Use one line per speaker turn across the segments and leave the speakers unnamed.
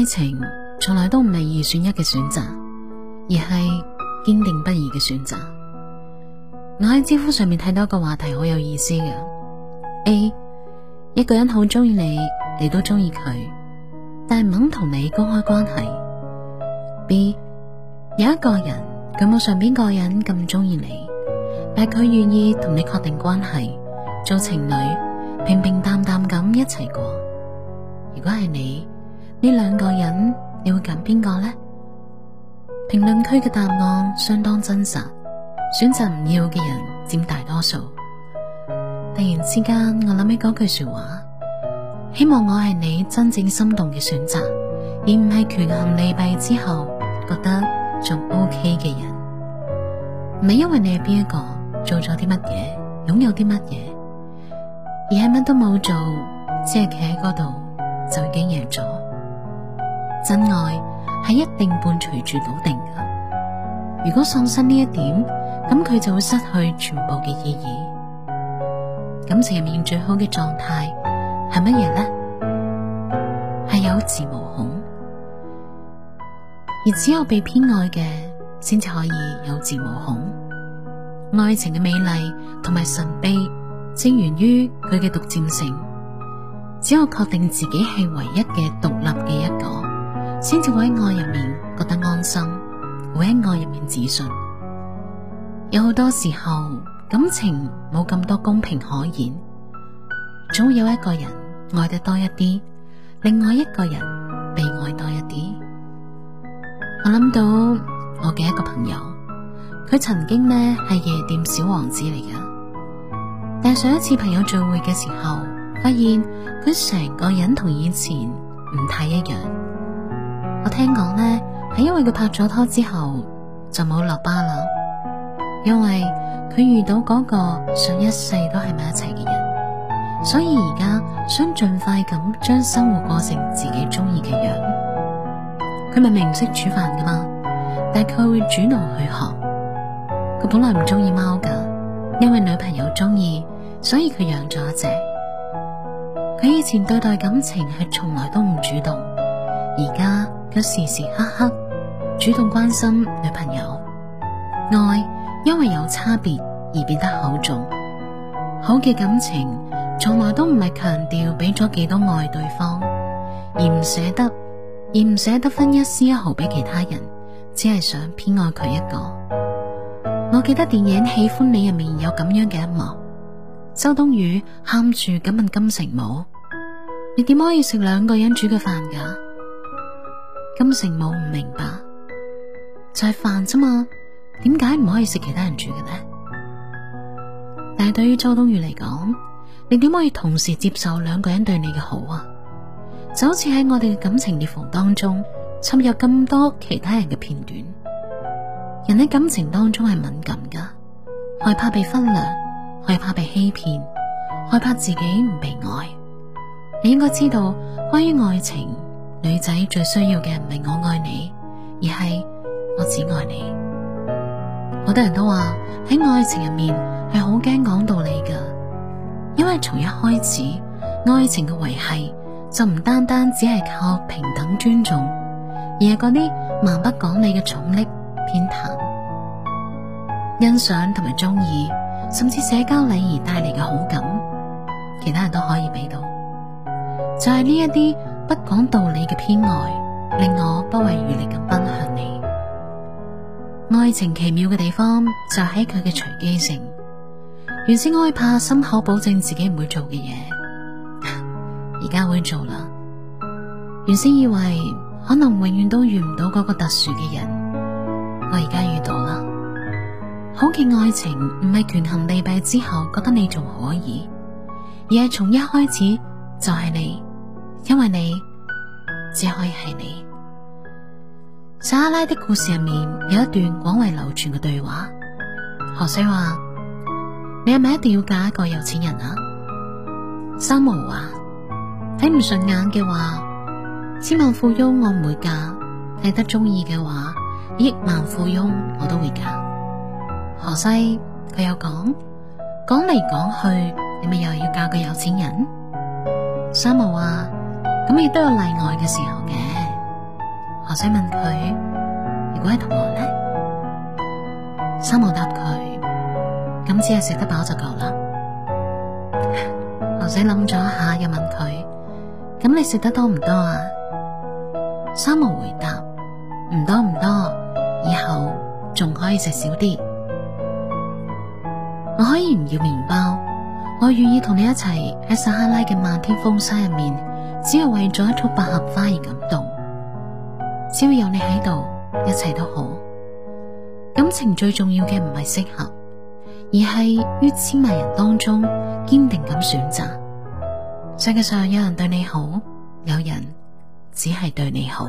愛情從來都唔係二選一嘅選擇，而係堅定不移嘅選擇。我喺知乎上面睇到一個話題好有意思嘅：A 一個人好中意你，你都中意佢，但係唔肯同你公開關係；B 有一個人佢冇上邊個人咁中意你，但係佢願意同你確定關係，做情侶，平平淡淡咁一齊過。如果係你？呢兩個人你會揀邊個呢？評論區嘅答案相當真實，選擇唔要嘅人占大多數。突然之間，我諗起嗰句說話：希望我係你真正心動嘅選擇，而唔係權衡利弊之後覺得仲 OK 嘅人。唔係因為你係邊一個做咗啲乜嘢，擁有啲乜嘢，而係乜都冇做，只係企喺嗰度就已經贏咗。真愛係一定伴隨住篤定噶。如果喪失呢一點，咁佢就會失去全部嘅意義。感情入面最好嘅狀態係乜嘢咧？係有恃無恐，而只有被偏愛嘅先至可以有恃無恐。愛情嘅美麗同埋神秘，正源於佢嘅獨佔性。只有確定自己係唯一嘅獨立嘅一。先至會喺愛入面覺得安心，會喺愛入面自信。有好多時候感情冇咁多公平可言，總會有一個人愛得多一啲，另外一個人被愛多一啲。我諗到我嘅一個朋友，佢曾經呢係夜店小王子嚟㗎，但上一次朋友聚會嘅時候，發現佢成個人同以前唔太一樣。我聽講咧，係因為佢拍咗拖之後就冇落巴啦，因為佢遇到嗰個想一世都喺埋一齊嘅人，所以而家想盡快咁將生活過成自己中意嘅樣。佢明明唔識煮飯噶嘛，但係佢會主動去學。佢本來唔中意貓噶，因為女朋友中意，所以佢養咗隻。佢以前對待感情係從來都唔主動，而家。佢時時刻刻主動關心女朋友，愛因為有差別而變得厚重。好嘅感情從來都唔係強調俾咗幾多愛對方，而唔捨得，而唔捨得分一絲一毫俾其他人，只係想偏愛佢一個。我記得電影《喜歡你》入面有咁樣嘅一幕，周冬雨喊住咁問金城武：你點可以食兩個人煮嘅飯㗎？金城武唔明白，就係飯啫嘛。點解唔可以食其他人住嘅呢？但係對於周冬雨嚟講，你點可以同時接受兩個人對你嘅好啊？就好似喺我哋嘅感情裂縫當中，侵入咁多其他人嘅片段。人喺感情當中係敏感噶，害怕被忽略，害怕被欺騙，害怕自己唔被愛。你應該知道，關於愛情。女仔最需要嘅唔係我愛你，而係我只愛你。好多人都話喺愛情入面係好驚講道理噶，因為從一開始愛情嘅維繫就唔單單只係靠平等尊重，而係嗰啲蠻不講理嘅寵溺偏袒、欣賞同埋中意，甚至社交禮儀帶嚟嘅好感，其他人都可以俾到，就係呢一啲。不講道理嘅偏愛，令我不遺餘力咁奔向你。愛情奇妙嘅地方就喺佢嘅隨機性。原先我害怕、心口保證自己唔會做嘅嘢，而家會做啦。原先以為可能永遠都遇唔到嗰個特殊嘅人，我而家遇到啦。好嘅愛情唔係權衡利弊之後覺得你仲可以，而係從一開始就係你。因為你只可以係你撒哈拉的故事入面有一段廣為流傳嘅對話。荷西話：你係咪一定要嫁一個有錢人啊？三毛話：睇唔順眼嘅話，千萬富翁我唔會嫁；睇得中意嘅話，億萬富翁我都會嫁。荷西佢又講講嚟講去，你咪又要嫁個有錢人？三毛話。咁亦都有例外嘅時候嘅。何仔問佢：如果係同我呢？三毛答佢：咁只係食得飽就夠啦。何仔諗咗一下，又問佢：咁你食得多唔多啊？三毛回答：唔多唔多，以後仲可以食少啲。我可以唔要麵包，我願意同你一齊喺撒哈拉嘅漫天風沙入面。只係為咗一束百合花而感動，只要有你喺度，一切都好。感情最重要嘅唔係適合，而係於千萬人當中堅定咁選擇。世界上有人對你好，有人只係對你好。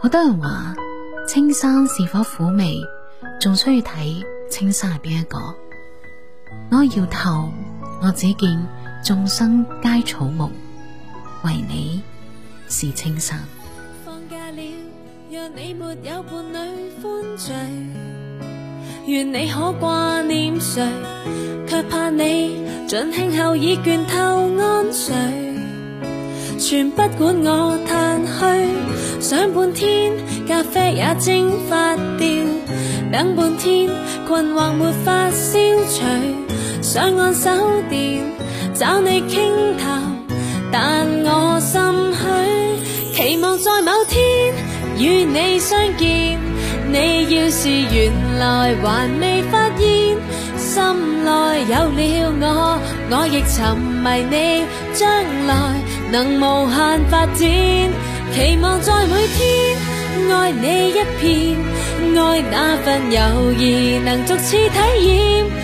好多人話，青山是否苦味，仲需要睇青山係邊一個？我搖頭，我只見眾生皆草木。為你是青山。放假了，若
你沒有伴侶歡聚，願你可掛念誰？卻怕你盡興後已倦透安睡，全不管我嘆氣，想半天咖啡也蒸發掉，等半天困惑沒法消除，想按手電找你傾談。但我心虛，期望在某天與你相見。你要是原來還未發現，心內有了我，我亦沉迷你，將來能無限發展。期望在每天愛你一片，愛那份友誼能逐次體驗。